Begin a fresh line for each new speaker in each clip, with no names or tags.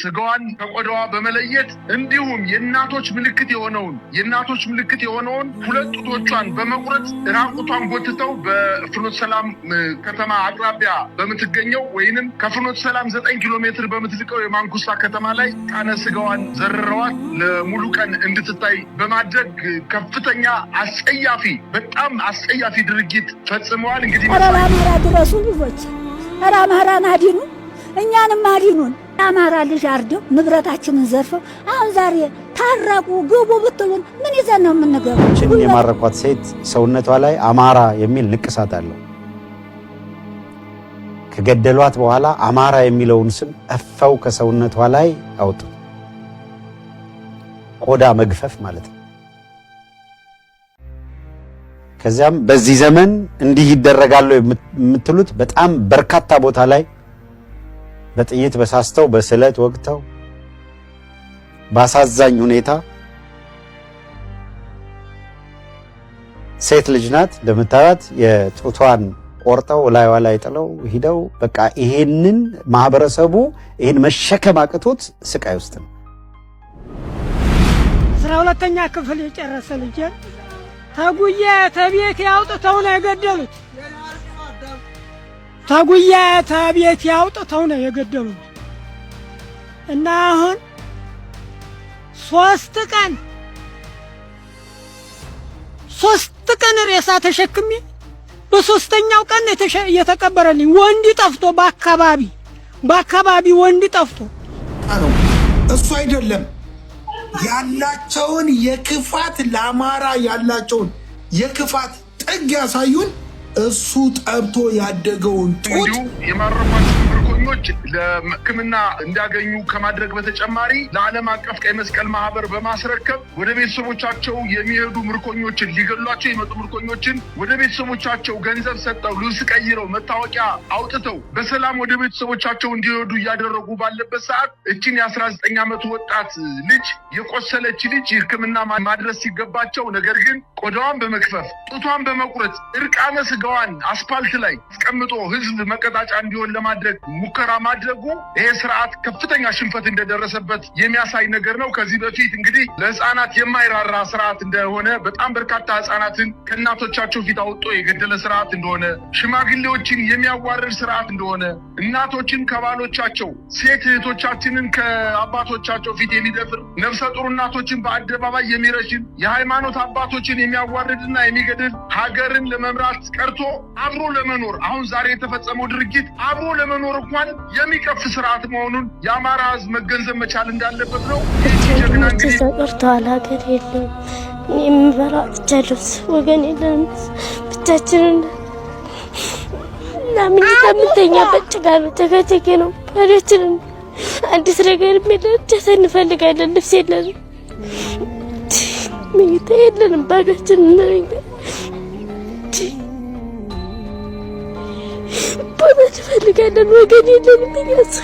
ስጋዋን ከቆዳዋ በመለየት እንዲሁም የእናቶች ምልክት የሆነውን የእናቶች ምልክት የሆነውን ሁለት ጡቶቿን በመቁረጥ ራቁቷን ጎትተው በፍኖት ሰላም ከተማ አቅራቢያ በምትገኘው ወይንም ከፍኖት ሰላም ዘጠኝ ኪሎ ሜትር በምትልቀው የማንኩሳ ከተማ ላይ ቃነ ስጋዋን ዘርረዋት ለሙሉ ቀን እንድትታይ በማድረግ ከፍተኛ አስጸያፊ በጣም አስጸያፊ ድርጊት ፈጽመዋል። እንግዲህ
ራማራ ድረሱ ልጆች፣ ራማራ ናዲኑ እኛንም አዲኑን አማራ ልጅ አርደው ንብረታችንን ዘርፈው አሁን ዛሬ ታራቁ ግቡ ብትሉን ምን ይዘን ነው የምንገቡ?
ችን የማረኳት ሴት ሰውነቷ ላይ አማራ የሚል ንቅሳት አለው። ከገደሏት በኋላ አማራ የሚለውን ስም እፈው ከሰውነቷ ላይ አውጡ። ቆዳ መግፈፍ ማለት ነው። ከዚያም በዚህ ዘመን እንዲህ ይደረጋሉ የምትሉት በጣም በርካታ ቦታ ላይ በጥይት በሳስተው በስለት ወግተው ባሳዛኝ ሁኔታ ሴት ልጅ ናት እንደምታዩት፣ የጡቷን ቆርጠው ላይዋ ላይ ጥለው ሂደው በቃ ይሄንን ማህበረሰቡ ይሄን መሸከም አቅቶት ስቃይ ውስጥ ነው።
አስራ ሁለተኛ ክፍል የጨረሰ ልጅ ተጉያ ተቤት ያውጥተው ነው የገደሉት። ተጉያ ተቤት ያውጥተው ነው የገደሉ እና አሁን ሶስት ቀን ሶስት ቀን ሬሳ ተሸክሜ በሶስተኛው ቀን የተቀበረልኝ ወንድ ጠፍቶ በአካባቢ በአካባቢ ወንድ ጠፍቶ
እሱ አይደለም ያላቸውን የክፋት ለአማራ ያላቸውን የክፋት ጥግ ያሳዩን እሱ ጠብቶ ያደገውን ጡት
ዜጎች ለሕክምና እንዲያገኙ ከማድረግ በተጨማሪ ለዓለም አቀፍ ቀይ መስቀል ማህበር በማስረከብ ወደ ቤተሰቦቻቸው የሚሄዱ ምርኮኞችን ሊገሏቸው የመጡ ምርኮኞችን ወደ ቤተሰቦቻቸው ገንዘብ ሰጠው ልብስ ቀይረው መታወቂያ አውጥተው በሰላም ወደ ቤተሰቦቻቸው እንዲሄዱ እያደረጉ ባለበት ሰዓት እችን የ19 ዓመቱ ወጣት ልጅ የቆሰለች ልጅ ሕክምና ማድረስ ሲገባቸው ነገር ግን ቆዳዋን በመክፈፍ ጡቷን በመቁረጥ እርቃነ ስጋዋን አስፓልት ላይ አስቀምጦ ህዝብ መቀጣጫ እንዲሆን ለማድረግ ሙከ ሙከራ ማድረጉ ይሄ ስርዓት ከፍተኛ ሽንፈት እንደደረሰበት የሚያሳይ ነገር ነው። ከዚህ በፊት እንግዲህ ለህፃናት የማይራራ ስርዓት እንደሆነ በጣም በርካታ ህፃናትን ከእናቶቻቸው ፊት አውጦ የገደለ ስርዓት እንደሆነ፣ ሽማግሌዎችን የሚያዋርድ ስርዓት እንደሆነ፣ እናቶችን ከባሎቻቸው፣ ሴት እህቶቻችንን ከአባቶቻቸው ፊት የሚደፍር ነፍሰ ጡር እናቶችን በአደባባይ የሚረሽን የሃይማኖት አባቶችን የሚያዋርድና የሚገድል ሀገርን ለመምራት ቀርቶ አብሮ ለመኖር አሁን ዛሬ የተፈጸመው ድርጊት አብሮ ለመኖር እንኳን የሚከፍ ስርዓት መሆኑን የአማራ ህዝብ መገንዘብ መቻል እንዳለበት ነው።
ጀግናዛ ቀርተዋል። ሀገር የለም፣ የምበላ ብቻ ልብስ፣ ወገን የለም፣ ብቻችንን ምናምን ከምንተኛበት ጭጋር መጨጋጨጌ ነው። ባሪያችንን አዲስ ነገር የለን፣ ደሰ እንፈልጋለን። ልብስ የለን፣ ምኝታ የለንም፣ ባሪያችንን መባላት ይፈልጋለን። ወገን የለንም እኛስ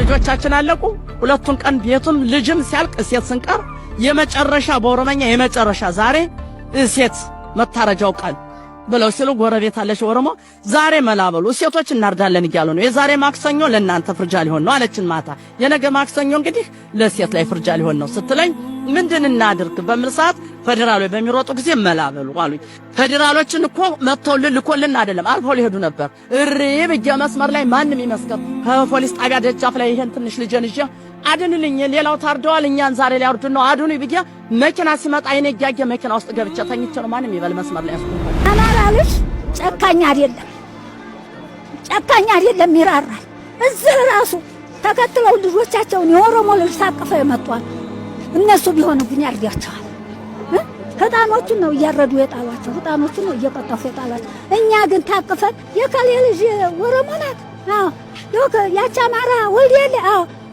ልጆቻችን አለቁ። ሁለቱን ቀን ቤቱም ልጅም ሲያልቅ እሴት ስንቀር የመጨረሻ በኦሮመኛ የመጨረሻ ዛሬ እሴት መታረጃው ቀን ብለው ሲሉ ጎረቤት አለሽ ኦሮሞ ዛሬ መላበሉ ሴቶች እናርዳለን እያሉ ነው። የዛሬ ማክሰኞ ለእናንተ ፍርጃ ሊሆን ነው አለችን። ማታ የነገ ማክሰኞ እንግዲህ ለሴት ላይ ፍርጃ ሊሆን ነው ስትለኝ ምንድን እናድርግ በሚል ሰዓት ፌዴራሎች በሚሮጡ ጊዜ መላበሉ አሉኝ። ፌዴራሎችን እኮ መጥተውልን ልኮልን አይደለም አልፎ ሊሄዱ ነበር። እሪ ብዬ መስመር ላይ ማንም ይመስከር ከፖሊስ ጣቢያ ደጃፍ ላይ ይሄን ትንሽ ልጄን ይዤ አድንልኝ፣ ሌላው ታርደዋል፣ እኛን ዛሬ ሊያርዱን ነው፣ አድኑ ብዬ መኪና ሲመጣ አይኔ እያየ መኪና ውስጥ ገብቼ ተኝቼ ነው። ማንም ይበል መስመር ላይ ያስቆም
አላላልሽ። ጨካኝ አይደለም፣ ጨካኝ አይደለም፣ ይራራል። እዚህ ራሱ ተከትለው ልጆቻቸውን የኦሮሞ ልጅ ታቅፈው የመጧል። እነሱ ቢሆኑ ግን ያርዳቸዋል። ህጣኖቹን ነው እያረዱ የጣሏቸው፣ ህጣኖቹን ነው እየቀጠፉ የጣሏቸው። እኛ ግን ታቅፈን የከሌ ልጅ ኦሮሞ ናት ያች አማራ ወልድ የለ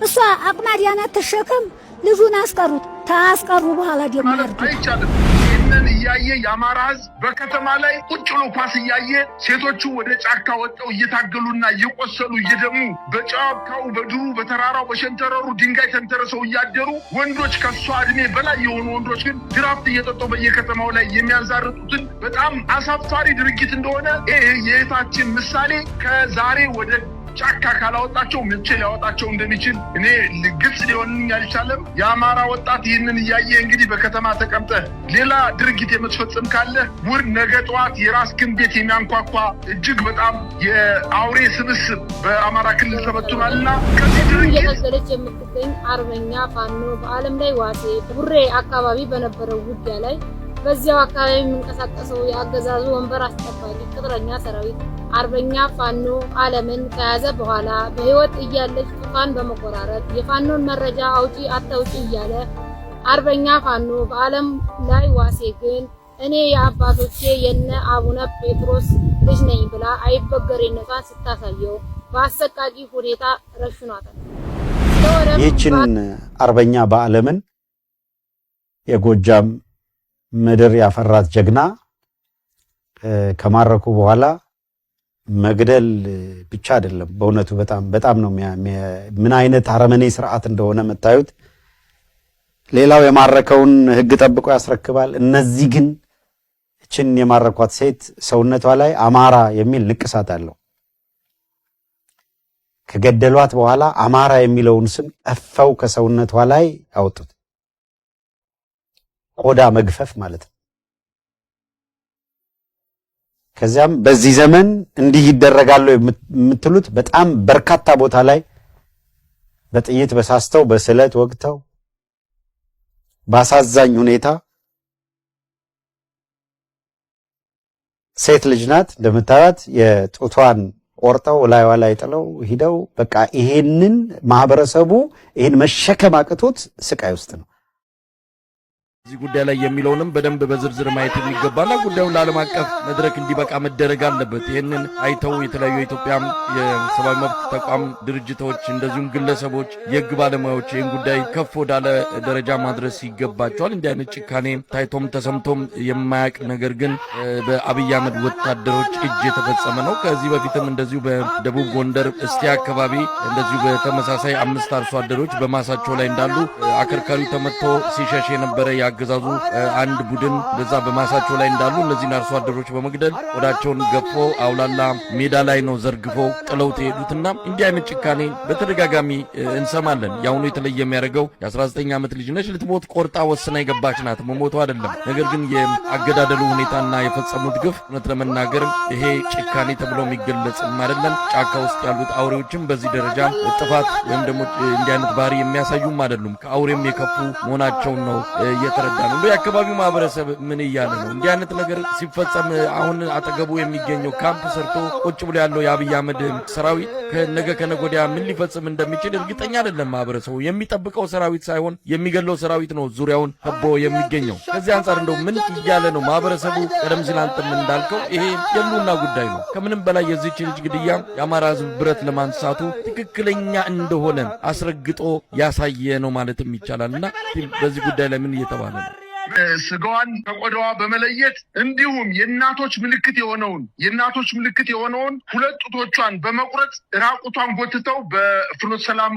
እሷ አቅማዲያና ትሸከም ልጁን አስቀሩት። ታስቀሩ በኋላ ደግሞ አይቻልም።
ይህንን እያየ የአማራ ህዝብ በከተማ ላይ ቁጭ ብሎ ኳስ እያየ ሴቶቹ ወደ ጫካ ወጠው እየታገሉና እየቆሰሉ እየደሙ በጫካው በድሩ በተራራው በሸንተረሩ ድንጋይ ተንተረሰው እያደሩ ወንዶች ከእሷ እድሜ በላይ የሆኑ ወንዶች ግን ድራፍት እየጠጠው በየከተማው ላይ የሚያዛርጡትን በጣም አሳፋሪ ድርጊት እንደሆነ ይህ የእህታችን ምሳሌ ከዛሬ ወደ ጫካ ካላወጣቸው መቼ ሊያወጣቸው እንደሚችል እኔ ግልጽ ሊሆንኝ አልቻለም። የአማራ ወጣት ይህንን እያየ እንግዲህ በከተማ ተቀምጠ ሌላ ድርጊት የምትፈጽም ካለ ውር ነገ ጠዋት የራስህን ቤት የሚያንኳኳ እጅግ በጣም የአውሬ ስብስብ በአማራ ክልል ተበትኗልና ከዚህ ድርጊት
የምትገኝ አርበኛ ፋኖ በአለም ላይ ዋሴ ቡሬ አካባቢ በነበረው ውጊያ ላይ በዚያው አካባቢ የሚንቀሳቀሰው የአገዛዙ ወንበር አስጠባቂ ቅጥረኛ ሰራዊት አርበኛ ፋኖ አለምን ከያዘ በኋላ በህይወት እያለች ጡቷን በመቆራረጥ የፋኖን መረጃ አውጪ አታውጪ እያለ አርበኛ ፋኖ በአለም ላይ ዋሴ ግን እኔ የአባቶቼ የነ አቡነ ጴጥሮስ ልጅ ነኝ ብላ አይበገሬነቷን ስታሳየው በአሰቃቂ ሁኔታ ረሽኗታል።
ይህችን አርበኛ በአለምን የጎጃም ምድር ያፈራት ጀግና ከማረኩ በኋላ መግደል ብቻ አይደለም። በእውነቱ በጣም በጣም ነው ምን አይነት አረመኔ ስርዓት እንደሆነ የምታዩት። ሌላው የማረከውን ህግ ጠብቆ ያስረክባል። እነዚህ ግን እችን የማረኳት ሴት ሰውነቷ ላይ አማራ የሚል ንቅሳት አለው። ከገደሏት በኋላ አማራ የሚለውን ስም ቀፈው ከሰውነቷ ላይ አወጡት። ቆዳ መግፈፍ ማለት ነው። ከዚያም በዚህ ዘመን እንዲህ ይደረጋሉ የምትሉት በጣም በርካታ ቦታ ላይ በጥይት በሳስተው በስለት ወግተው በአሳዛኝ ሁኔታ ሴት ልጅ ናት እንደምታያት የጡቷን ቆርጠው ላይዋ ላይ ጥለው ሂደው በቃ ይሄንን ማህበረሰቡ ይሄን መሸከም አቅቶት ስቃይ ውስጥ ነው።
እዚህ ጉዳይ ላይ የሚለውንም በደንብ በዝርዝር ማየት የሚገባና ጉዳዩን ለዓለም አቀፍ መድረክ እንዲበቃ መደረግ አለበት። ይህንን አይተው የተለያዩ የኢትዮጵያ የሰብአዊ መብት ተቋም ድርጅቶች፣ እንደዚሁም ግለሰቦች፣ የህግ ባለሙያዎች ይህን ጉዳይ ከፍ ወዳለ ደረጃ ማድረስ ይገባቸዋል። እንዲህ አይነት ጭካኔ ታይቶም ተሰምቶም የማያቅ ነገር ግን በአብይ አህመድ ወታደሮች እጅ የተፈጸመ ነው። ከዚህ በፊትም እንደዚሁ በደቡብ ጎንደር እስቴ አካባቢ እንደዚሁ በተመሳሳይ አምስት አርሶ አደሮች በማሳቸው ላይ እንዳሉ አከርካሪው ተመትቶ ሲሸሽ የነበረ አገዛዙ አንድ ቡድን በዛ በማሳቸው ላይ እንዳሉ እነዚህን አርሶ አደሮች በመግደል ወዳቸውን ገፎ አውላላ ሜዳ ላይ ነው ዘርግፎ ጥለውት የሄዱትና እንዲህ አይነት ጭካኔ በተደጋጋሚ እንሰማለን። የአሁኑ የተለየ የሚያደርገው የ19 ዓመት ልጅ ነች። ልትሞት ቆርጣ ወስና የገባች ናት። መሞቱ አይደለም። ነገር ግን የአገዳደሉ ሁኔታና የፈጸሙት ግፍ እውነት ለመናገር ይሄ ጭካኔ ተብሎ የሚገለጽም አይደለም። ጫካ ውስጥ ያሉት አውሬዎችም በዚህ ደረጃ ጥፋት ወይም ደግሞ እንዲህ አይነት ባህሪ የሚያሳዩም አይደሉም። ከአውሬም የከፉ መሆናቸውን ነው የተረ እየተረዳ ነው። የአካባቢው ማህበረሰብ ምን እያለ ነው? እንዲህ አይነት ነገር ሲፈጸም አሁን አጠገቡ የሚገኘው ካምፕ ሰርቶ ቁጭ ብሎ ያለው የአብይ አህመድ ሰራዊት ከነገ ወዲያ ምን ሊፈጽም እንደሚችል እርግጠኛ አይደለም። ማህበረሰቡ የሚጠብቀው ሰራዊት ሳይሆን የሚገለው ሰራዊት ነው ዙሪያውን ከቦ የሚገኘው። ከዚህ አንጻር እንደው ምን እያለ ነው ማህበረሰቡ? ቀደም ሲል አንተም እንዳልከው ይሄ የሉና ጉዳይ ነው። ከምንም በላይ የዚች ልጅ ግድያ የአማራ ህዝብ ብረት ለማንሳቱ ትክክለኛ እንደሆነ አስረግጦ ያሳየ ነው ማለትም ይቻላል እና በዚህ ጉዳይ ላይ ምን እየተባለ arriba.
ስጋዋን ከቆዳዋ በመለየት እንዲሁም የእናቶች ምልክት የሆነውን የእናቶች ምልክት የሆነውን ሁለት ጡቶቿን በመቁረጥ ራቁቷን ጎትተው በፍኖት ሰላም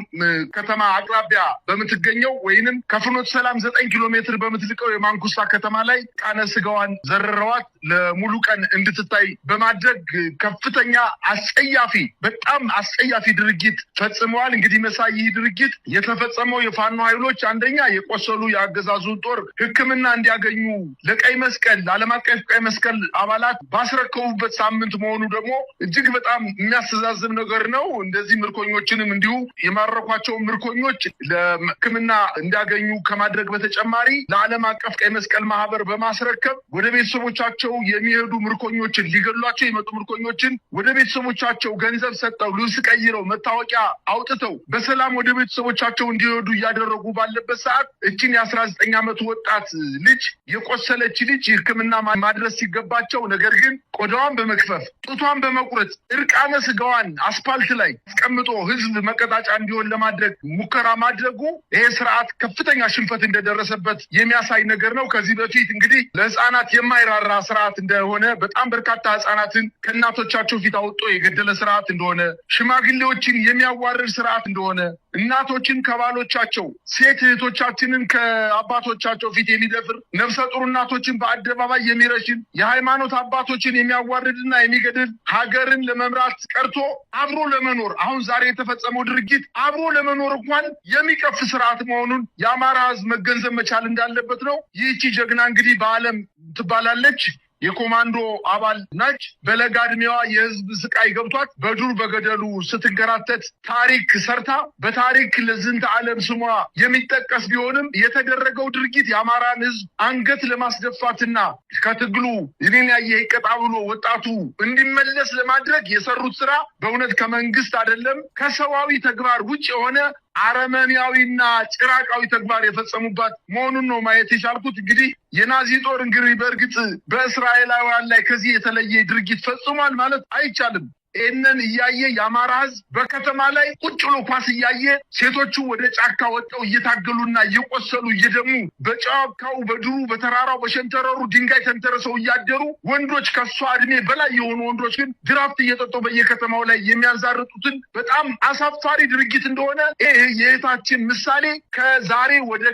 ከተማ አቅራቢያ በምትገኘው ወይንም ከፍኖት ሰላም ዘጠኝ ኪሎ ሜትር በምትልቀው የማንኩሳ ከተማ ላይ ቃነ ስጋዋን ዘርረዋት ለሙሉ ቀን እንድትታይ በማድረግ ከፍተኛ አስጸያፊ በጣም አስጸያፊ ድርጊት ፈጽመዋል። እንግዲህ መሳይ ይህ ድርጊት የተፈጸመው የፋኖ ኃይሎች አንደኛ የቆሰሉ የአገዛዙን ጦር ሕክምና እውቅና እንዲያገኙ ለቀይ መስቀል ለዓለም አቀፍ ቀይ መስቀል አባላት ባስረከቡበት ሳምንት መሆኑ ደግሞ እጅግ በጣም የሚያስተዛዝብ ነገር ነው። እንደዚህ ምርኮኞችንም እንዲሁ የማረኳቸውን ምርኮኞች ለሕክምና እንዲያገኙ ከማድረግ በተጨማሪ ለዓለም አቀፍ ቀይ መስቀል ማህበር በማስረከብ ወደ ቤተሰቦቻቸው የሚሄዱ ምርኮኞችን ሊገሏቸው የመጡ ምርኮኞችን ወደ ቤተሰቦቻቸው ገንዘብ ሰጠው ልብስ ቀይረው መታወቂያ አውጥተው በሰላም ወደ ቤተሰቦቻቸው እንዲሄዱ እያደረጉ ባለበት ሰዓት እችን የአስራ ዘጠኝ ዓመት ወጣት ልጅ የቆሰለች ልጅ ሕክምና ማድረስ ሲገባቸው ነገር ግን ቆዳዋን በመክፈፍ ጡቷን በመቁረጥ እርቃነ ስጋዋን አስፓልት ላይ አስቀምጦ ሕዝብ መቀጣጫ እንዲሆን ለማድረግ ሙከራ ማድረጉ ይሄ ስርዓት ከፍተኛ ሽንፈት እንደደረሰበት የሚያሳይ ነገር ነው። ከዚህ በፊት እንግዲህ ለሕፃናት የማይራራ ስርዓት እንደሆነ በጣም በርካታ ሕፃናትን ከእናቶቻቸው ፊት አውጦ የገደለ ስርዓት እንደሆነ ሽማግሌዎችን የሚያዋርድ ስርዓት እንደሆነ እናቶችን ከባሎቻቸው ሴት እህቶቻችንን ከአባቶቻቸው ፊት የሚደ የሚደፍር ነፍሰ ጡር እናቶችን በአደባባይ የሚረሽን የሃይማኖት አባቶችን የሚያዋርድና የሚገድል ሀገርን ለመምራት ቀርቶ አብሮ ለመኖር አሁን ዛሬ የተፈጸመው ድርጊት አብሮ ለመኖር እንኳን የሚቀፍ ስርዓት መሆኑን የአማራ ህዝብ መገንዘብ መቻል እንዳለበት ነው። ይህቺ ጀግና እንግዲህ በዓለም ትባላለች። የኮማንዶ አባል ነች። በለጋ እድሜዋ የህዝብ ስቃይ ገብቷት በዱር በገደሉ ስትንከራተት ታሪክ ሰርታ በታሪክ ለዝንተ ዓለም ስሟ የሚጠቀስ ቢሆንም የተደረገው ድርጊት የአማራን ህዝብ አንገት ለማስደፋትና ከትግሉ ይህን ያየ ይቀጣ ብሎ ወጣቱ እንዲመለስ ለማድረግ የሰሩት ስራ በእውነት ከመንግስት አይደለም ከሰዋዊ ተግባር ውጭ የሆነ አረመኔያዊና ጭራቃዊ ተግባር የፈጸሙባት መሆኑን ነው ማየት የቻልኩት። እንግዲህ የናዚ ጦር እንግዲህ በእርግጥ በእስራኤላውያን ላይ ከዚህ የተለየ ድርጊት ፈጽሟል ማለት አይቻልም። ይህንን እያየ የአማራ ህዝብ በከተማ ላይ ቁጭ ብሎ ኳስ እያየ ሴቶቹ ወደ ጫካ ወጠው እየታገሉና እየቆሰሉ እየደሙ በጫካው በድሩ በተራራው በሸንተረሩ ድንጋይ ተንተረሰው እያደሩ ወንዶች ከሷ እድሜ በላይ የሆኑ ወንዶች ግን ድራፍት እየጠጡ በየከተማው ላይ የሚያንዛርጡትን በጣም አሳፋሪ ድርጊት እንደሆነ ይህ የእህታችን ምሳሌ ከዛሬ ወደ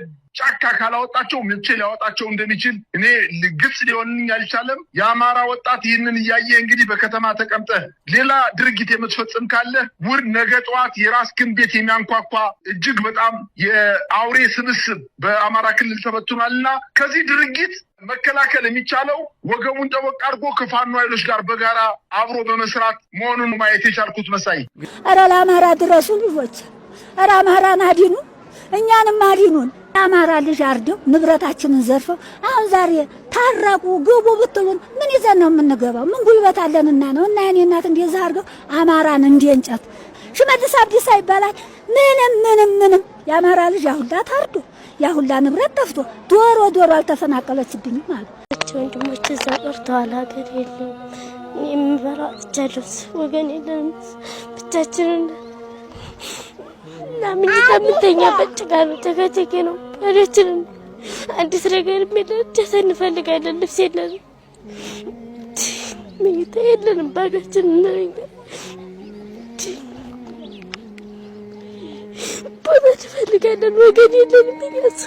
ጫካ ካላወጣቸው መቼ ሊያወጣቸው እንደሚችል እኔ ግልጽ ሊሆንኝ አልቻለም። የአማራ ወጣት ይህንን እያየ እንግዲህ በከተማ ተቀምጠ ሌላ ድርጊት የምትፈጽም ካለ ውር ነገ ጠዋት የራስህን ቤት የሚያንኳኳ እጅግ በጣም የአውሬ ስብስብ በአማራ ክልል ተበትኗልና ከዚህ ድርጊት መከላከል የሚቻለው ወገቡን ጠበቅ አድርጎ ከፋኖ ኃይሎች ጋር በጋራ አብሮ በመስራት መሆኑን ማየት የቻልኩት መሳይ።
ኧረ ለአማራ ድረሱ ልጆች፣ ኧረ አማራን አዲኑ፣ እኛንም አዲኑን። የአማራ ልጅ አርደው ንብረታችንን ዘርፈው አሁን ዛሬ ታረቁ ግቡ ብትሉን ምን ይዘን ነው የምንገባው? ምን ጉልበት አለንና ነው? እና የኔ እናት እንደዚህ አርገው አማራን እንደ እንጨት ሽመልስ አብዲሳ ይባላል። ምንም ምንም ምንም የአማራ ልጅ ያሁላ ታርዶ ያሁላ ንብረት ጠፍቶ ዶሮ ዶሮ አልተፈናቀለችብኝም አሉ።
ወንድሞች እዛ ቀርተዋል። ሀገር የለም የምበራ ብቻ ወገን የለም ብቻችንን ናምን ከምንተኛበት ጭቃ ነው ተከቴኬ ነው አላችንም። አዲስ ነገር የለን። ደስ እንፈልጋለን። ልብስ የለንም፣ መኝታ የለንም። ባዶችን ነኛ ቦታ እንፈልጋለን። ወገን የለንም ያስ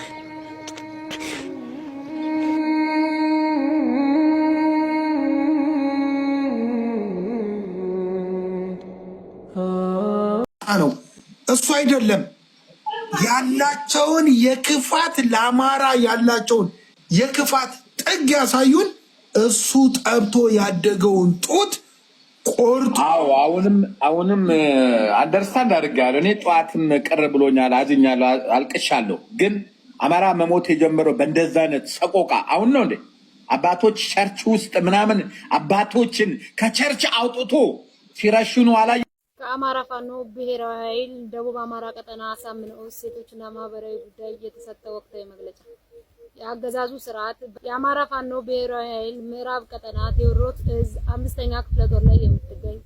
ነው እሱ አይደለም ያላቸውን የክፋት ለአማራ ያላቸውን የክፋት ጥግ ያሳዩን። እሱ ጠብቶ ያደገውን ጡት ቆርጦ
አሁንም አሁንም አንደርስታንድ አድርጌያለሁ። እኔ ጠዋትም ቅር ብሎኛል፣ አዝኛለሁ፣ አልቅሻለሁ። ግን አማራ መሞት የጀመረው በእንደዛ አይነት ሰቆቃ አሁን ነው እንዴ? አባቶች ቸርች ውስጥ ምናምን አባቶችን ከቸርች አውጥቶ ሲረሽኑ አላ
አማራ ፋኖ ብሔራዊ ኃይል ደቡብ አማራ ቀጠና አሳምነው ሴቶችና ማህበራዊ ጉዳይ እየተሰጠ ወቅታዊ መግለጫ። የአገዛዙ ስርዓት የአማራ ፋኖ ብሔራዊ ኃይል ምዕራብ ቀጠና ቴዎድሮስ እዝ አምስተኛ ክፍለ ጦር ላይ የምትገኝ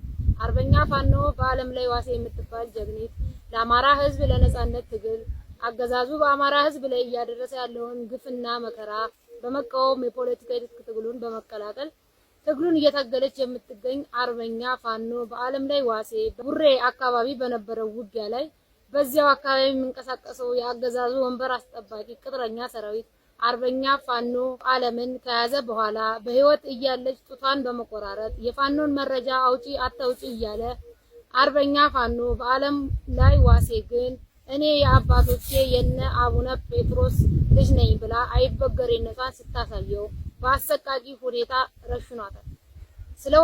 አርበኛ ፋኖ በዓለም ላይ ዋሴ የምትባል ጀግኒት ለአማራ ህዝብ ለነጻነት ትግል አገዛዙ በአማራ ህዝብ ላይ እያደረሰ ያለውን ግፍና መከራ በመቃወም የፖለቲካ ትግሉን በመቀላቀል ትግሉን እየታገለች የምትገኝ አርበኛ ፋኖ በዓለም ላይ ዋሴ ቡሬ አካባቢ በነበረው ውጊያ ላይ በዚያው አካባቢ የሚንቀሳቀሰው የአገዛዙ ወንበር አስጠባቂ ቅጥረኛ ሰራዊት አርበኛ ፋኖ ዓለምን ከያዘ በኋላ በህይወት እያለች ጡቷን በመቆራረጥ የፋኖን መረጃ አውጪ አታውጪ እያለ አርበኛ ፋኖ በዓለም ላይ ዋሴ ግን እኔ የአባቶቼ የነ አቡነ ጴጥሮስ ልጅ ነኝ ብላ አይበገሬነቷን ስታሳየው በአሰቃቂ ሁኔታ ረሽኗታል።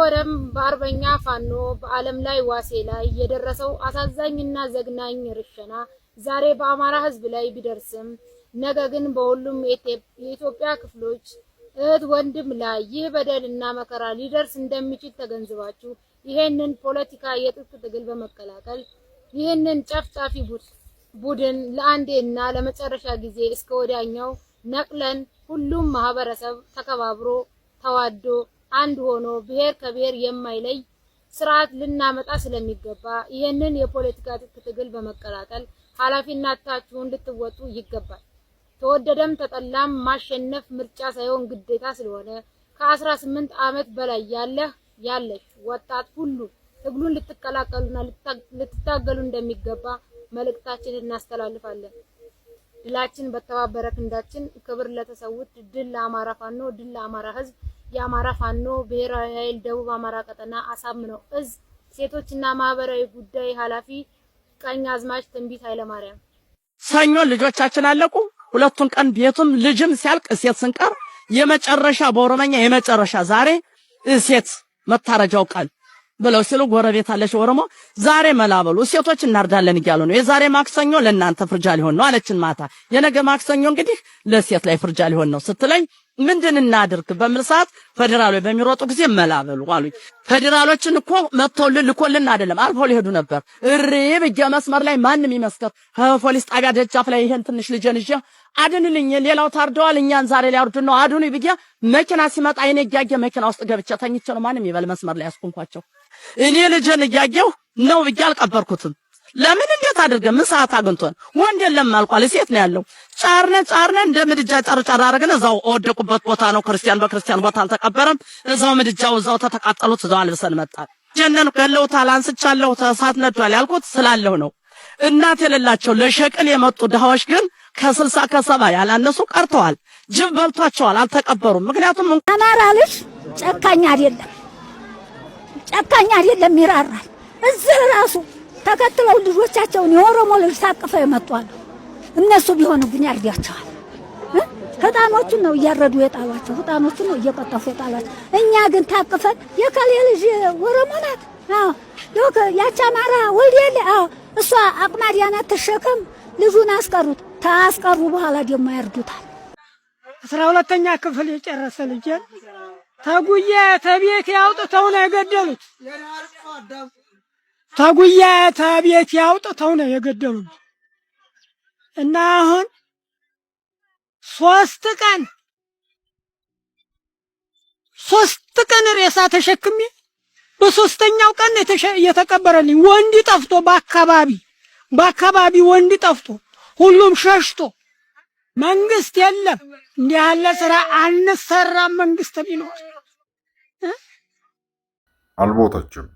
ወረም በአርበኛ ፋኖ በዓለም ላይ ዋሴ ላይ የደረሰው አሳዛኝና ዘግናኝ ርሸና ዛሬ በአማራ ሕዝብ ላይ ቢደርስም ነገ ግን በሁሉም የኢትዮጵያ ክፍሎች እህት ወንድም ላይ ይህ በደልና መከራ ሊደርስ እንደሚችል ተገንዝባችሁ ይህንን ፖለቲካ የጥፍ ትግል በመቀላቀል ይህንን ጨፍጫፊ ቡድን ለአንዴና ለመጨረሻ ጊዜ እስከ ወዲያኛው ነቅለን ሁሉም ማህበረሰብ ተከባብሮ ተዋዶ አንድ ሆኖ ብሔር ከብሔር የማይለይ ስርዓት ልናመጣ ስለሚገባ ይህንን የፖለቲካ ትግል በመቀላቀል ኃላፊነታችሁን ልትወጡ ይገባል። ተወደደም ተጠላም ማሸነፍ ምርጫ ሳይሆን ግዴታ ስለሆነ ከ18 ዓመት በላይ ያለህ ያለች ወጣት ሁሉ ትግሉን ልትቀላቀሉና ልትታገሉ እንደሚገባ መልእክታችንን እናስተላልፋለን። ድላችን በተባበረ ክንዳችን። ክብር ለተሰውት ድል ለአማራ ፋኖ፣ ድል ለአማራ ህዝብ። የአማራ ፋኖ ብሔራዊ ኃይል ደቡብ አማራ ቀጠና አሳምነው እዝ ሴቶችና ማህበራዊ ጉዳይ ኃላፊ ቀኝ አዝማች ትንቢት ኃይለማርያም።
ሰኞ ልጆቻችን አለቁ። ሁለቱን ቀን ቤቱም ልጅም ሲያልቅ እሴት ስንቀር የመጨረሻ በኦሮመኛ የመጨረሻ ዛሬ እሴት መታረጃው ቃል ብለው ሲሉ ጎረቤት አለሽ ኦሮሞ ዛሬ መላበሉ ሴቶች እናርዳለን እያሉ ነው። የዛሬ ማክሰኞ ለእናንተ ፍርጃ ሊሆን ነው አለችን። ማታ የነገ ማክሰኞ እንግዲህ ለሴት ላይ ፍርጃ ሊሆን ነው ስትለኝ ምንድን እናድርግ በምል ሰዓት ፌዴራሎች በሚሮጡ ጊዜ መላበሉ አሉኝ። ፌዴራሎችን እኮ መጥተውልን ልኮልን አይደለም አልፎ ሊሄዱ ነበር። እሪ ብዬ መስመር ላይ ማንም ይመስከር ፖሊስ ጣቢያ ደጃፍ ላይ ይሄን ትንሽ ልጄን ይዤ አድንልኝ፣ ሌላው ታርደዋል፣ እኛን ዛሬ ሊያርዱን ነው አድኑ ብዬ መኪና ሲመጣ አይኔ እያየ መኪና ውስጥ ገብቼ ተኝቼ ነው ማንም ይበል መስመር ላይ ያስኩንኳቸው። እኔ ልጅን እያየሁ ነው ብዬ አልቀበርኩትም። ለምን እንዴት አድርገን ምን ሰዓት አግኝቶን ወንድ የለም አልቋል። ሴት ነው ያለው። ጫርነ ጫርነ እንደ ምድጃ ጫር ጫር አደረግን። እዛው ወደቁበት ቦታ ነው። ክርስቲያን በክርስቲያን ቦታ አልተቀበረም። እዛው ምድጃው እዛው ተተቃጠሉት። እዛው አልብሰን መጣን። ጀነን ከለው አንስቻለሁ፣ እሳት ነዷል ያልኩት ስላለሁ ነው። እናት የሌላቸው ለሸቅል የመጡ ድሃዎች ግን ከስልሳ ከሰባ ያላነሱ ቀርተዋል። ጅብ በልቷቸዋል፣ አልተቀበሩም። ምክንያቱም
አማራ ልጅ ጨካኝ አይደለም። ጨካኝ አይደለም፣ ይራራል። እዚህ ራሱ ተከትለው ልጆቻቸውን የኦሮሞ ልጅ ታቅፈው የመጧሉ። እነሱ ቢሆኑ ግን ያርዳቸዋል። ህጣኖቹን ነው እያረዱ የጣሏቸው፣ ህጣኖቹን ነው እየቀጠፉ የጣሏቸው። እኛ ግን ታቅፈን የከሌ ልጅ ኦሮሞ ናት፣ ያቺ አማራ ወልዴሌ፣ እሷ አቅማዲያና ናት፣ ልጁን አስቀሩት። ታስቀሩ በኋላ ደግሞ ያርዱታል።
አስራ ሁለተኛ ክፍል የጨረሰ ልጄን ተጉዬ ተቤት ያውጥተው ነው የገደሉት። ተጉዬ ተቤት ያውጥተው ነው የገደሉት። እና አሁን ሶስት ቀን ሶስት ቀን ሬሳ ተሸክሜ በሶስተኛው ቀን የተቀበረልኝ ወንድ ጠፍቶ በአካባቢ በአካባቢ ወንድ ጠፍቶ ሁሉም ሸሽቶ መንግስት የለም። እንዲህ ያለ ስራ አንሰራም መንግስት ቢኖር
አልሞተችም።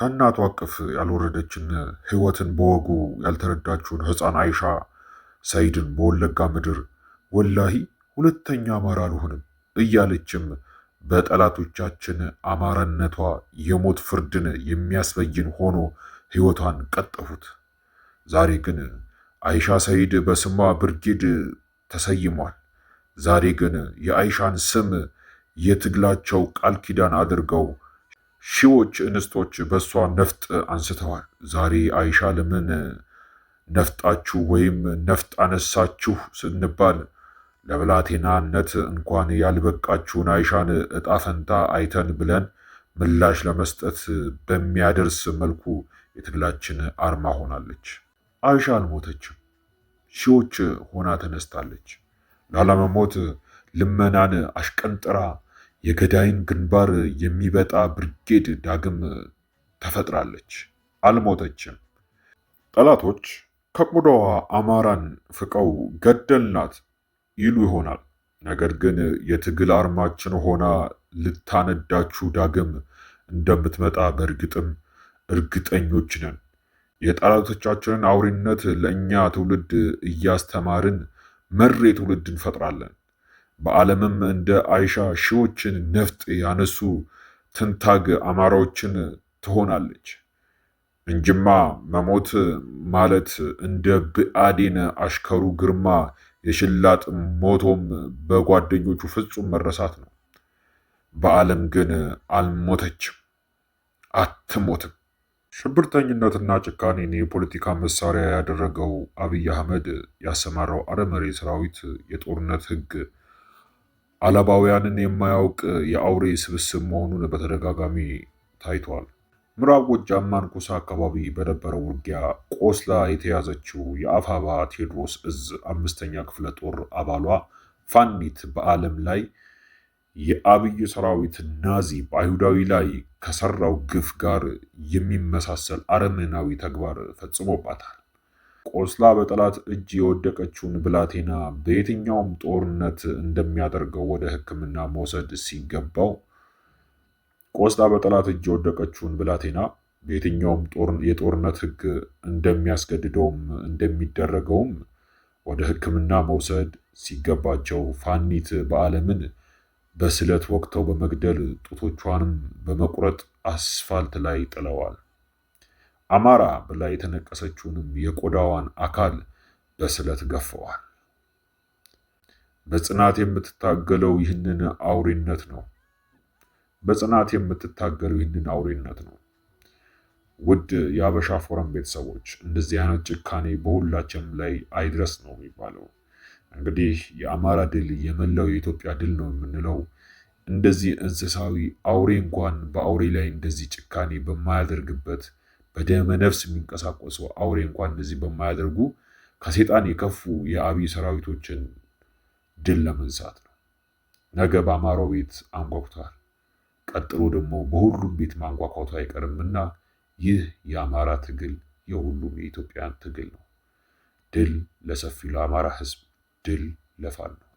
ከእናቷ አቅፍ ያልወረደችን ህይወትን በወጉ ያልተረዳችውን ህፃን አይሻ ሰይድን በወለጋ ምድር ወላሂ ሁለተኛ አማራ አልሆንም እያለችም በጠላቶቻችን አማራነቷ የሞት ፍርድን የሚያስበይን ሆኖ ህይወቷን ቀጠፉት። ዛሬ ግን አይሻ ሰይድ በስሟ ብርጌድ ተሰይሟል። ዛሬ ግን የአይሻን ስም የትግላቸው ቃል ኪዳን አድርገው ሺዎች እንስቶች በእሷ ነፍጥ አንስተዋል። ዛሬ አይሻ ለምን ነፍጣችሁ ወይም ነፍጥ አነሳችሁ ስንባል ለብላቴናነት እንኳን ያልበቃችሁን አይሻን እጣ ፈንታ አይተን ብለን ምላሽ ለመስጠት በሚያደርስ መልኩ የትግላችን አርማ ሆናለች። አይሻ አልሞተችም፣ ሺዎች ሆና ተነስታለች። ላለመሞት ልመናን አሽቀንጥራ የገዳይን ግንባር የሚበጣ ብርጌድ ዳግም ተፈጥራለች። አልሞተችም። ጠላቶች ከቆዳዋ አማራን ፍቀው ገደልናት ይሉ ይሆናል። ነገር ግን የትግል አርማችን ሆና ልታነዳችሁ ዳግም እንደምትመጣ በእርግጥም እርግጠኞች ነን። የጠላቶቻችንን አውሪነት ለእኛ ትውልድ እያስተማርን መሬ ትውልድ እንፈጥራለን። በዓለምም እንደ አይሻ ሺዎችን ነፍጥ ያነሱ ትንታግ አማራዎችን ትሆናለች። እንጅማ መሞት ማለት እንደ ብአዴን አሽከሩ ግርማ የሽላጥ ሞቶም በጓደኞቹ ፍጹም መረሳት ነው። በዓለም ግን አልሞተችም፣ አትሞትም። ሽብርተኝነትና ጭካኔን የፖለቲካ መሳሪያ ያደረገው አብይ አህመድ ያሰማራው አረመሬ ሰራዊት የጦርነት ህግ አለባውያንን የማያውቅ የአውሬ ስብስብ መሆኑን በተደጋጋሚ ታይቷል። ምዕራብ ጎጃም ማንኩሳ አካባቢ በነበረው ውጊያ ቆስላ የተያዘችው የአፋባ ቴዎድሮስ እዝ አምስተኛ ክፍለ ጦር አባሏ ፋኒት በዓለም ላይ የአብይ ሰራዊት ናዚ በአይሁዳዊ ላይ ከሰራው ግፍ ጋር የሚመሳሰል አረመናዊ ተግባር ፈጽሞባታል። ቆስላ በጠላት እጅ የወደቀችውን ብላቴና በየትኛውም ጦርነት እንደሚያደርገው ወደ ሕክምና መውሰድ ሲገባው ቆስላ በጠላት እጅ የወደቀችውን ብላቴና በየትኛውም የጦርነት ሕግ እንደሚያስገድደውም እንደሚደረገውም ወደ ሕክምና መውሰድ ሲገባቸው ፋኒት በዓለምን በስለት ወቅተው በመግደል ጡቶቿንም በመቁረጥ አስፋልት ላይ ጥለዋል። አማራ ብላ የተነቀሰችውንም የቆዳዋን አካል በስለት ገፈዋል። በጽናት የምትታገለው ይህንን አውሬነት ነው። በጽናት የምትታገለው ይህንን አውሬነት ነው። ውድ የአበሻ ፎረም ቤተሰቦች እንደዚህ አይነት ጭካኔ በሁላችንም ላይ አይድረስ ነው የሚባለው። እንግዲህ የአማራ ድል የመላው የኢትዮጵያ ድል ነው የምንለው እንደዚህ እንስሳዊ አውሬ እንኳን በአውሬ ላይ እንደዚህ ጭካኔ በማያደርግበት በደመ ነፍስ የሚንቀሳቀሱ አውሬ እንኳን እንደዚህ በማያደርጉ ከሴጣን የከፉ የአብይ ሰራዊቶችን ድል ለመንሳት ነው። ነገ በአማራው ቤት አንጓኩቷል። ቀጥሎ ደግሞ በሁሉም ቤት ማንኳኳቱ አይቀርምና ይህ የአማራ ትግል የሁሉም የኢትዮጵያን ትግል ነው። ድል ለሰፊው ለአማራ ህዝብ፣ ድል ለፋኖ ነው።